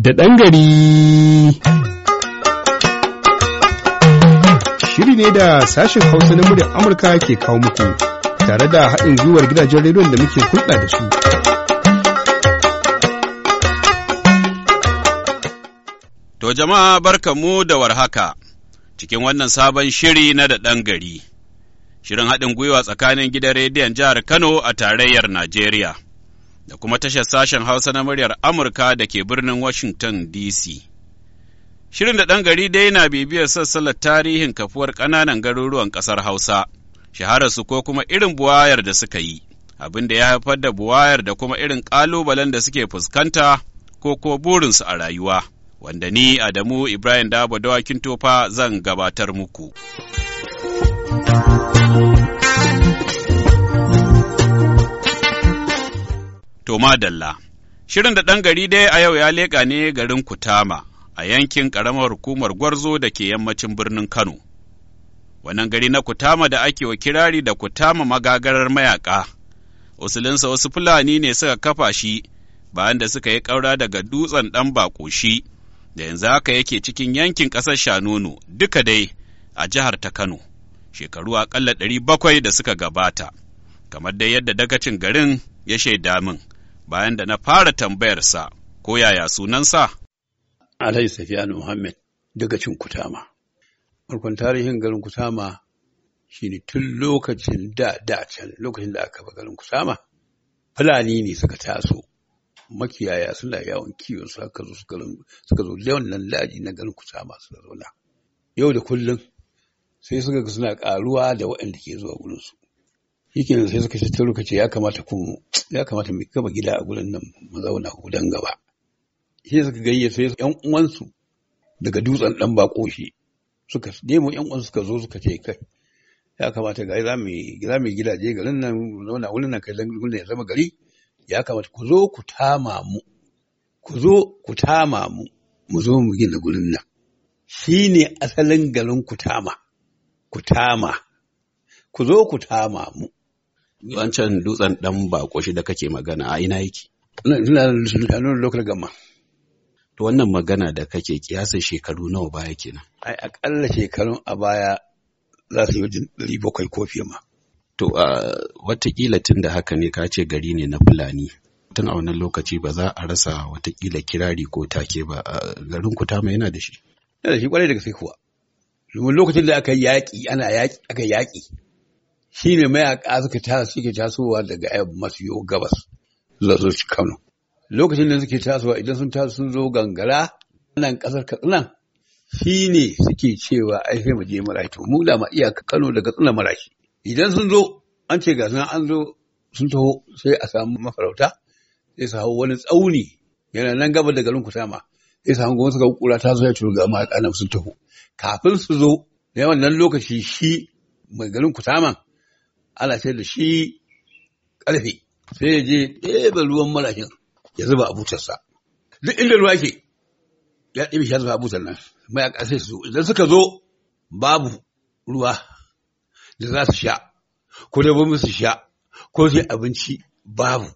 da ɗan gari. Shiri ne da sashen Hausa na muryar Amurka ke kawo muku tare da haɗin gwiwar gidajen rediyon da muke hulɗa da su. To jama'a mu da warhaka cikin wannan sabon shiri na da ɗan gari. Shirin haɗin gwiwa tsakanin gidan rediyon jihar Kano a tarayyar Najeriya. da kuma tashar sashen Hausa na muryar Amurka da ke birnin Washington DC. Shirin da ɗan gari dai na bibiyar sassalar tarihin kafuwar ƙananan garuruwan ƙasar Hausa, shahararsu ko kuma irin buwayar da suka yi, abin da ya haifar da buwayar da kuma irin ƙalubalen da suke fuskanta ko ko burinsu a rayuwa, wanda ni Adamu Ibrahim Dabo Dawakin Tofa zan gabatar muku. To Dalla, shirin da ɗan gari dai a yau ya leƙa ne garin Kutama a yankin ƙaramar hukumar Gwarzo da ke yammacin birnin Kano. Wannan gari na Kutama da ake wa kirari da Kutama magagarar mayaƙa, usulinsa wasu Fulani ne suka kafa shi bayan da suka yi ƙaura daga dutsen ɗan baƙoshi da yanzu haka yake cikin yankin ƙasar Shanono duka dai a jihar ta Kano, shekaru aƙalla ɗari bakwai da suka gabata, kamar dai yadda dagacin garin ya shaida min. bayan da na fara tambayarsa ko yaya sunansa. Alhaji Safiya Muhammad daga cin kutama. Farkon tarihin garin kutama shi ne tun lokacin da da can lokacin da aka ba garin kutama. Fulani ne suka taso makiyaya suna yawon kiwon zo suka zo yawan nan laji na garin kutama suna zauna. Yau da kullum sai suka suna karuwa da waɗanda ke zuwa gurinsu. shikenan sai suka ta ruka ce ya kamata kun ya kamata mu gaba gida a gurin nan mu zauna dan gaba sai suka gayyace yan uwansu daga dutsen dan bako shi suka nemo yan uwansu suka zo suka ce kai ya kamata ga za mu za mu gidaje garin nan zauna wurin nan kai gurin ya zama gari ya kamata ku zo ku tama mu ku zo ku tama mu mu zo mu gina gurin nan Shi ne asalin garin ku tama ku tama ku zo ku tama mu wancan dutsen dan bako shi da kake magana a ina yake ina local gama to wannan magana da kake kiyasa shekaru nawa baya kenan ai akalla shekarun a baya za su yi wajen ɗari bakwai ko ma to a watakila tun da haka ne ka ce gari ne na fulani tun a wannan lokaci ba za a rasa watakila kirari ko take ba garin ku tama yana da shi yana da shi kwarai da gaske kuwa lokacin da aka yaƙi ana yaƙi aka yaƙi shi ne mayaƙa suka ta suke tasowa daga ayab masu yau gabas zuwa su kano lokacin da suke tasowa idan sun taso sun zo gangara nan ƙasar katsina shi ne suke cewa ai sai mu je mu da ma iyaka kano da katsina marashi idan sun zo an ce ga sunan an zo sun taho sai a samu mafarauta sai su hau wani tsauni yana nan gaba da garin kutama sai su hango suka kura ta zo ya ci ga mayaƙa nan sun taho kafin su zo yawan nan lokaci shi mai garin kutaman ana sai da shi ƙarfe sai ya je ɗebe ruwan malashin ya zuba a butarsa duk inda ruwa ke ya ɗebe shi ya zuba a butar nan a ƙasai su idan suka zo babu ruwa da za su sha ko da ba su sha ko sai abinci babu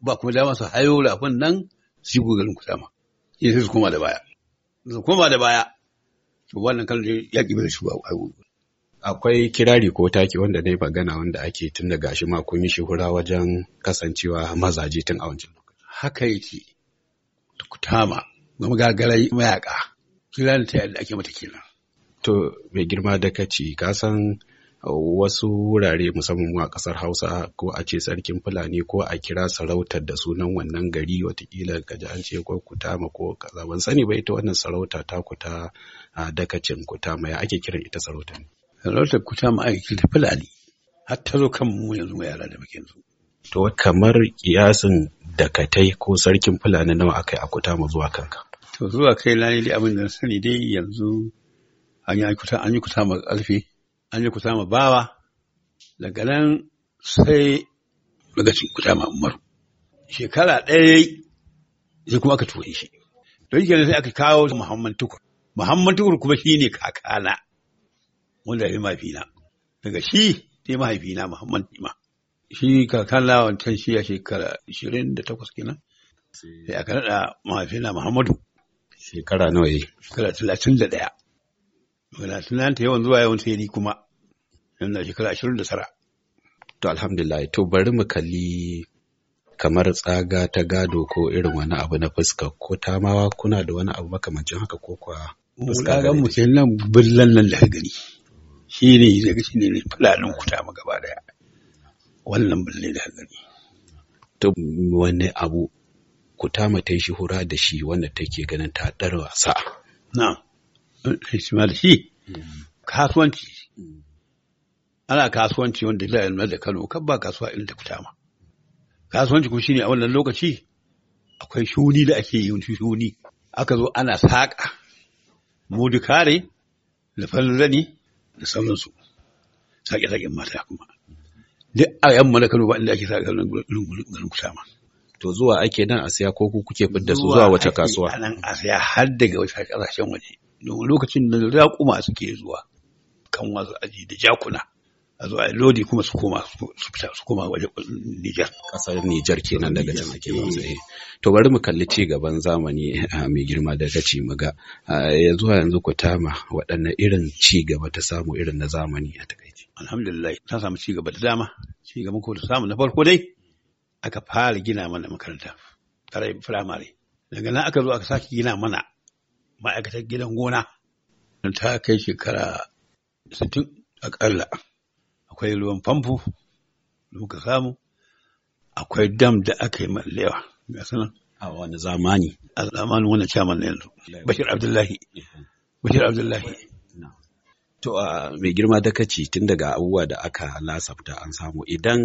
ba kuma dama su hayo rafin nan su yi gogarin kusama dama sai su koma da baya su koma da baya to wannan kan ƙi bai da shi ba a akwai kirari ko taki wanda yi magana wanda ake tun da gashi ma kun yi shuhura wajen kasancewa mazaje tun a wancan Haka yake da kutama magagarai mayaka kirani ta yadda ake mata kila. To mai girma da kaci ka san uh, wasu wurare musamman a kasar Hausa ko a ce sarkin Fulani ko a kira sarautar da sunan wannan gari watakila ka ji an ce ko kutama ko kaza ban sani ba ita wannan sarauta ta kuta uh, dakacin kutama ya ake kiran ita sarautar. sarautar kuta ma'aikaci ta fulani har ta zo kan mu yanzu mu yara da muke yanzu. To kamar kiyasin dakatai ko sarkin fulani nawa akai yi a kuta mu zuwa kanka. To zuwa kai lani dai abin da sani dai yanzu an yi kuta an yi kuta ma alfi an yi kuta ma bawa daga nan sai magacin kuta ma umaru. Shekara ɗaya sai kuma aka ture shi. Don shi sai aka kawo Muhammad Tukur. Muhammad Tukur kuma shine kakana. wanda ya mahaifina daga shi sai mahaifina Muhammad Ima shi kakan lawan can shi ya shekara da takwas kenan sai aka nada mahaifina Muhammadu shekara nawa yi shekara talatin da 31 talatin ta yawan zuwa yawan sai ni kuma yana shekara ashirin da 29 to alhamdulillah to bari mu kalli kamar tsaga ta gado ko irin wani abu na fuska ko tamawa kuna da wani abu makamancin haka ko kwa fuska mu nan billan nan da gani shi ne zai ga shi ne fulanin kuta ma gaba daya wannan bulle da gani to wani abu kuta ta shi hura da shi wanda take ganin ta dar wasa na eh, shi ma shi kasuwanci ana kasuwanci wanda zai ilmar da Kano kan ba kasuwa irin da kuta ma kasuwanci kuma shine a wannan lokaci akwai shuni da ake yin shuni aka zo ana saƙa mudukare da zani da sauransu sake-saken mata kuma duk a yamma na Kano ba inda ake sake garin garin ma. to zuwa ake nan a siya ko ku kuke fidda su zuwa wace kasuwa nan a siya har daga wace kasashen waje domin lokacin da raƙuma suke zuwa kan wasu aji da jakuna a zo a lodi kuma su koma su fita su koma waje Niger. Kasar Nijar kenan daga can ake tsaye. Eh. To bari mu kalli ci gaban zamani mai girma daga ci muga ya zuwa yanzu ku tama waɗanne irin ci gaba ta samu irin na zamani a takaice. Alhamdulillah ta samu ci gaba da dama ci gaba ko ta samu na farko dai aka fara gina mana makaranta tare firamare daga nan aka zo aka sake gina mana ma'aikatar gidan gona ta kai shekara sittin akalla akwai ruwan famfo muka samu akwai dam da aka yi mallewa ga sanan a wani zamani a zamanin wani chairman na yanzu bashir abdullahi bashir abdullahi to a mai girma da kaci tun daga abubuwa da aka lasafta an samu idan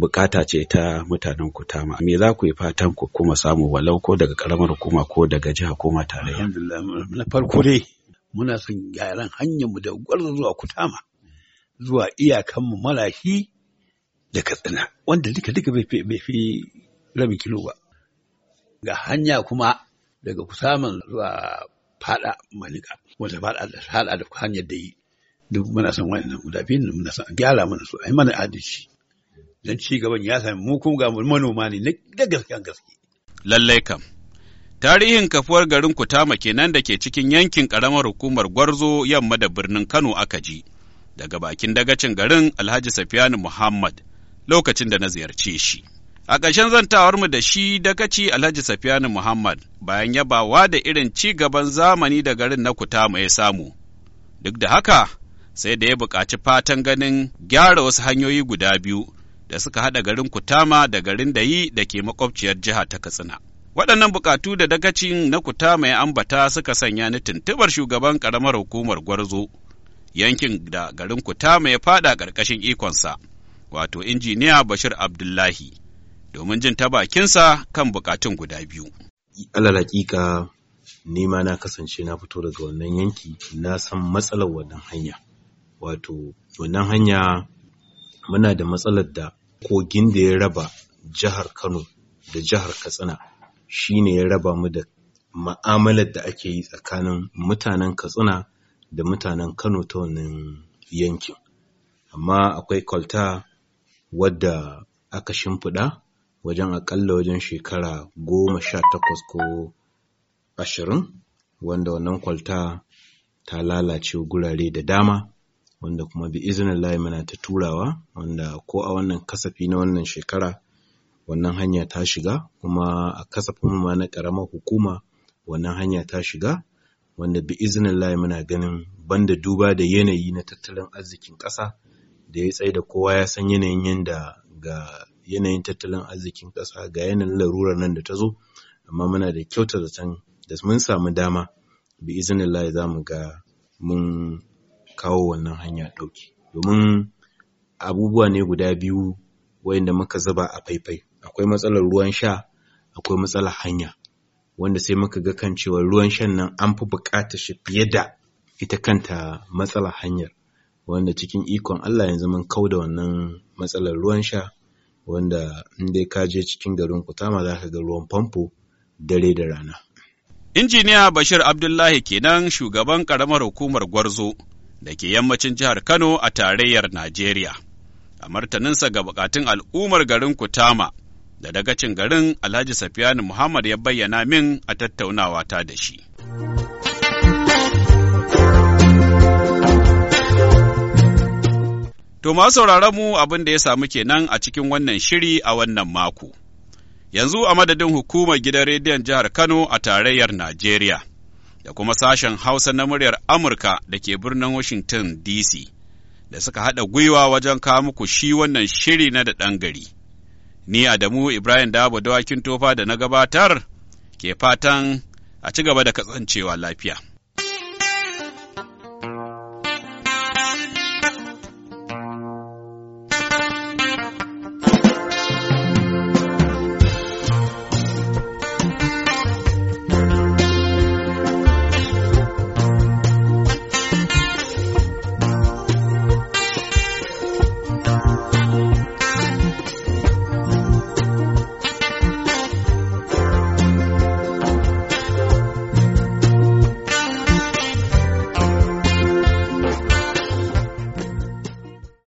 bukata ce ta mutanen ku tama me za ku yi fatan ku kuma samu walau ko daga karamar hukuma ko daga jiha ko ma tarayya na farko dai muna son gyaran hanyar mu da gwarzo zuwa kutama zuwa iyakanmu malashi da katsina wanda duka duka bai fi rabin kilo ba ga hanya kuma daga kusaman zuwa fada malika wanda fada da hada da hanyar da yi duk muna son nan guda biyun muna san gyara mana su ai mana adalci don ci gaban ya sami mu kuma ga manoma ne na gaskiyan gaske lallai kam Tarihin kafuwar garin Kutama kenan da ke cikin yankin ƙaramar hukumar Gwarzo yamma da birnin Kano aka ji. daga bakin dagacin garin Alhaji Safiyanu Muhammad lokacin da na ziyarce shi. A ƙarshen zantawarmu da shi dagaci Alhaji Safiyanu Muhammad bayan yabawa da irin ci gaban zamani da garin na Kutama ya samu. Duk da haka, sai da ya buƙaci fatan ganin gyara wasu hanyoyi guda biyu da suka haɗa garin Kutama da garin Dayi da ke makwabciyar jiha ta Katsina. Waɗannan buƙatu da dagacin na Kutama ya ambata suka sanya ni tuntuɓar shugaban ƙaramar hukumar Gwarzo. yankin da garin Kutama ya fada ƙarƙashin ikonsa, wato injiniya Bashir Abdullahi, domin jin ta bakinsa kan bukatun guda biyu. Alal nema na kasance na fito daga wannan yanki na san matsalar wannan hanya. Wato, wannan hanya muna da matsalar da kogin da ya raba jihar Kano da jihar Katsina shi ne ya raba mu da ma'amalar da ake yi tsakanin mutanen Katsina da mutanen Kano ta wannan yankin. Amma akwai kwalta wadda aka shimfiɗa wajen aƙalla wajen shekara goma sha takwas ko ashirin wanda wannan kwalta ta lalace gurare da dama wanda kuma bi izinin layi muna ta turawa wanda ko a wannan kasafi na wannan shekara wannan hanya ta shiga kuma a kasafin ma na ƙaramar hukuma wannan hanya ta shiga wanda bi izinin layi muna ganin banda duba da yanayi na tattalin arzikin ƙasa da ya tsaye da kowa ya san yanayin yanda ga yanayin tattalin arzikin ƙasa ga yanayin larurar nan da ta zo amma muna da kyauta zaton da mun samu dama bi izinin layi za mu ga mun kawo wannan hanya ɗauki domin abubuwa ne guda biyu wayanda muka zuba a faifai akwai matsalar ruwan sha akwai matsalar hanya wanda sai muka ga kan cewa ruwan shan nan an fi buƙatar shi fiye da ita kanta matsala hanyar wanda cikin ikon Allah yanzu mun kau da wannan matsalar ruwan sha wanda in dai ka je cikin garin Kutama za ka ga ruwan famfo dare da rana. Injiniya Bashir Abdullahi kenan shugaban ƙaramar hukumar Gwarzo da ke yammacin jihar Kano a tarayyar Najeriya. A martaninsa ga bukatun al'ummar garin Kutama. da daga cin garin Alhaji Safiyanu Muhammad ya bayyana min a tattaunawa ta da shi. To ma sauraron mu abin da ya samu kenan a cikin wannan shiri a wannan mako. Yanzu a madadin hukumar gidan rediyon jihar Kano a tarayyar Najeriya da kuma sashen Hausa na muryar Amurka da ke birnin Washington DC da suka haɗa gwiwa wajen kawo muku shi wannan shiri na da ɗan gari. Ni Adamu Ibrahim Dabo dawakin tofa da na gabatar ke fatan a ci gaba da kasancewa lafiya.